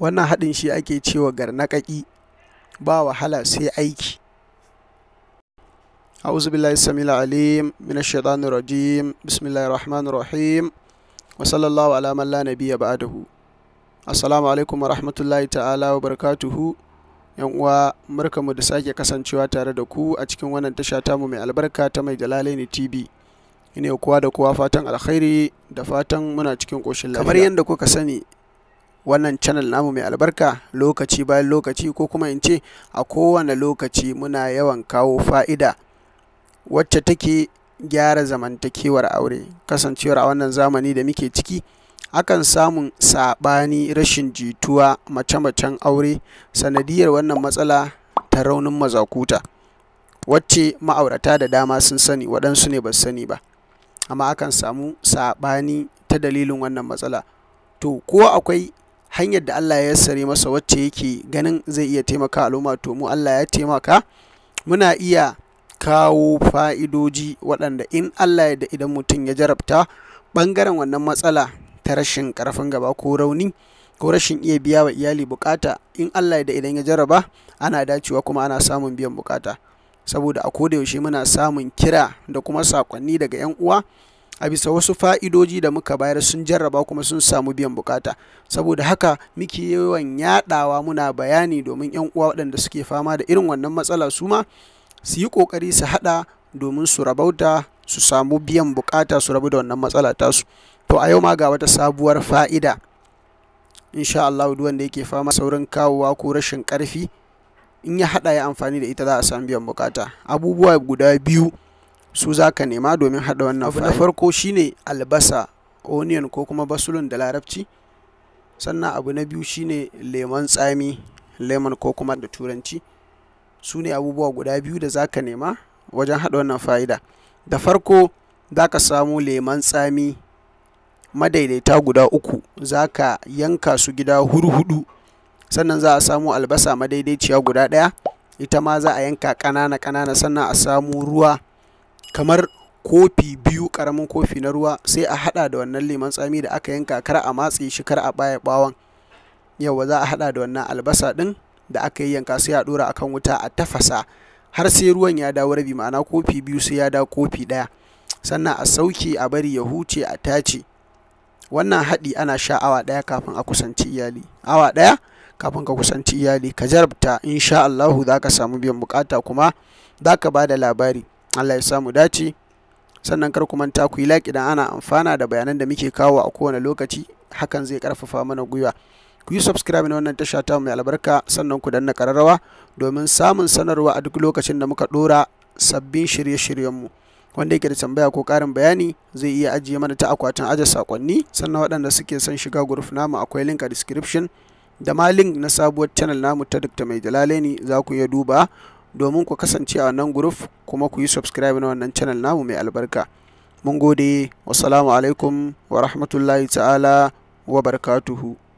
wannan haɗin shi ake cewa garnaƙaƙi ba wahala sai aiki a'udhu billahi samil alim ya shaitanir rajim bismillahir rahmanir rahim wa sallallahu ala man la nabiyya ba'dahu assalamu alaikum wa rahmatullahi ta'ala wa barkatuhu yan uwa murkamu da sake kasancewa tare da ku a cikin wannan tasha mu mai albarka ta mai dalalai ne tv ne kuwa da kuwa fatan alkhairi da fatan muna cikin ƙoshin lafiya kamar yadda kuka sani wannan channel namu mai albarka lokaci bayan lokaci ko kuma in ce a kowane lokaci muna yawan kawo fa'ida wacce take gyara zamantakewar aure kasancewar a wannan zamani da muke ciki akan samun saɓani rashin jituwa mace-macen aure sanadiyar wannan matsala ta raunin mazakuta wacce ma'aurata da dama sun sani waɗansu ne ba su sani ba amma akan samu saɓani ta dalilin wannan matsala to ko akwai hanyar da Allah ya yassare masa wacce yake ganin zai iya taimaka al'umma to mu Allah ya taimaka muna iya kawo fa'idoji waɗanda in Allah ya da idan mutum ya jarabta ɓangaren wannan matsala ta rashin ƙarfin gaba ko rauni ko rashin iya biya wa iyali bukata in Allah ya da idan ya jaraba ana dacewa kuma ana samun biyan bukata saboda a koda yaushe muna samun kira da kuma sakonni daga 'yan uwa a bisa wasu fa'idoji da muka bayar sun jarraba kuma sun samu biyan bukata saboda haka muke yawan yadawa muna bayani domin yan uwa waɗanda suke fama da irin wannan matsala su ma su yi kokari su haɗa domin su rabauta su samu biyan bukata su rabu da wannan matsala tasu to a yau ma ga wata sabuwar fa'ida insha Allah duk wanda yake fama saurin kawowa ko rashin karfi in ya haɗa ya amfani da ita za a samu biyan bukata abubuwa guda biyu su za ka nema domin haɗa wannan abu na farko shine albasa onion ko kuma basulun da larabci sannan abu na biyu shine lemon tsami lemon ko kuma da turanci su ne abubuwa guda biyu da za ka nema wajen haɗa wannan fa'ida da farko za ka samu lemon tsami madaidaita guda uku za ka yanka su gida hudu sannan za a samu albasa madaidaiciya guda ɗaya ita ma za a yanka ƙanana ƙanana sannan a samu ruwa kamar kofi biyu ƙaramin kofi na ruwa sai a haɗa da wannan liman tsami da aka yanka kar a matse shi kar a baya ɓawon yawa za a haɗa da wannan albasa ɗin da aka yanka sai a ɗora akan wuta a tafasa har sai ruwan ya dawo rabi ma'ana kofi biyu sai ya dawo kofi ɗaya sannan a sauke a bari ya huce a tace wannan haɗi ana sha awa ɗaya kafin a kusanci iyali awa ɗaya kafin ka kusanci iyali ka jarabta insha Allahu za ka samu biyan bukata kuma za ka ba da labari Allah ya samu dace sannan kar ku manta ku yi like idan ana amfana da bayanan da muke kawo a kowane lokaci hakan zai karfafa mana gwiwa ku yi subscribe na wannan tasha ta mai albarka sannan ku danna kararrawa domin samun sanarwa a duk lokacin da muka dora sabbin shirye shiryen mu wanda yake da tambaya ko karin bayani zai iya ajiye mana ta akwatin aje sakonni sannan waɗanda suke son shiga group namu akwai link a description da ma link na sabuwar channel namu ta Dr. Mai Jalale ne za ku iya duba domin ku kasance a wannan group kuma ku yi subscribe na wannan channel namu mai albarka mun gode wasu alaikum wa rahmatullahi ta'ala wa barakatuhu